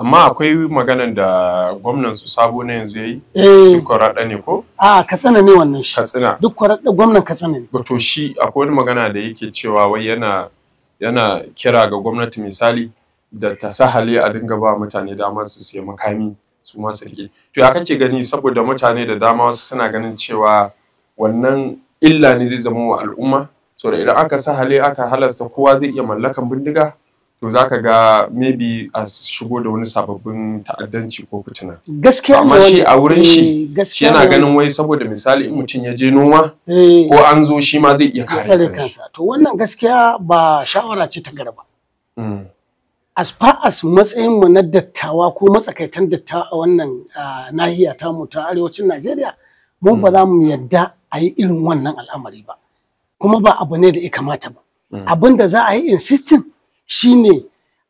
amma akwai maganan da gwamnan su sabo na yanzu yayi eh. duk kwarada ne ko a katsina ne wannan shi katsina duk kwarada gwamnan katsina ne to shi akwai wani magana da yake cewa wai yana yana kira ga gwamnati misali da ta sahale a dinga ba mutane dama su siya makami su ma su rike to ya kake gani saboda mutane da dama wasu suna ganin cewa wannan illa ne zai zama wa al'umma saboda idan aka sahale aka halasta kowa zai iya mallakan bindiga to za ka ga maybe a shigo da wani sababbin ta'addanci ko fitina. Gaskiya Amma shi a wurin shi eh, shi yana ganin wai saboda misali in mutum ya je noma eh. ko an zo shi ma zai iya kare kansa. To wannan gaskiya ba shawara ce ta garba. Mm. As far as matsayin mu na dattawa ko matsakaitan dattawa a wannan nahiya mu ta arewacin Najeriya mu ba mm. za mu yadda a yi irin wannan al'amari ba. Kuma ba abu ne da ya kamata ba. Mm. Abin da za a yi insisting shine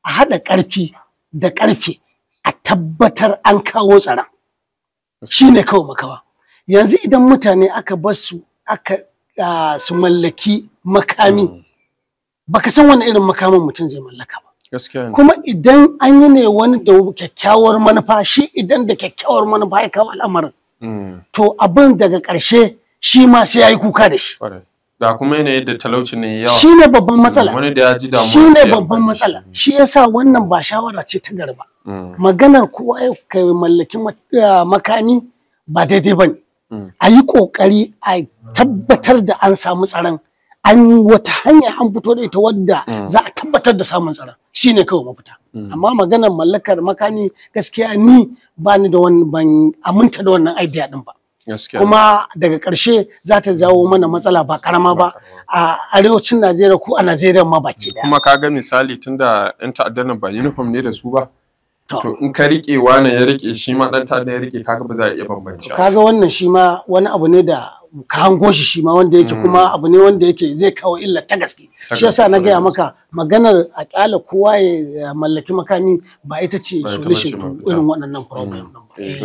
a haɗa ƙarfi da ƙarfe a tabbatar an kawo tsara shine kawo makawa yanzu idan mutane aka bar su aka su mallaki makami mm. baka san wani irin makamin mutum zai mallaka ba kuma idan an yi ne wani da kyakkyawar manufa shi idan da kyakkyawar manufa ya kawo al'amarin mm. to abin daga ƙarshe shi ma sai ya yi kuka da shi ga kuma yanayin da talauci ne yawa ne babban matsala wani da ya ji damuwa ne babban matsala shi yasa wannan ba shawara ce ta garba mm. maganar kowa ya kai mallaki makani ba daidai bane mm. a yi kokari a tabbatar da an samu tsaron an wata hanya an fito da ita wadda mm. za a tabbatar da samun tsaron shi ne kawai mafita amma maganar mallakar makani gaskiya ni bani da wani ban aminta da wannan idea din ba kuma daga ƙarshe za ta jawo mana matsala ba karama ba a arewacin Najeriya ko a Najeriya ma baki da. kuma ga misali tunda yan ta'addar nan ba uniform ne da su ba to in ka rike wani ya rike shi ma dan ta'adda ya rike kaga ba za a iya bambanci kaga wannan shi ma wani abu ne da ka hango shi shi ma wanda yake mm. kuma abu ne wanda yake zai kawo illa ta gaske shi yasa na gaya maka maganar a ƙyale kowa ya mallaki makami ba ita ce solution to irin waɗannan problem ba eh, eh.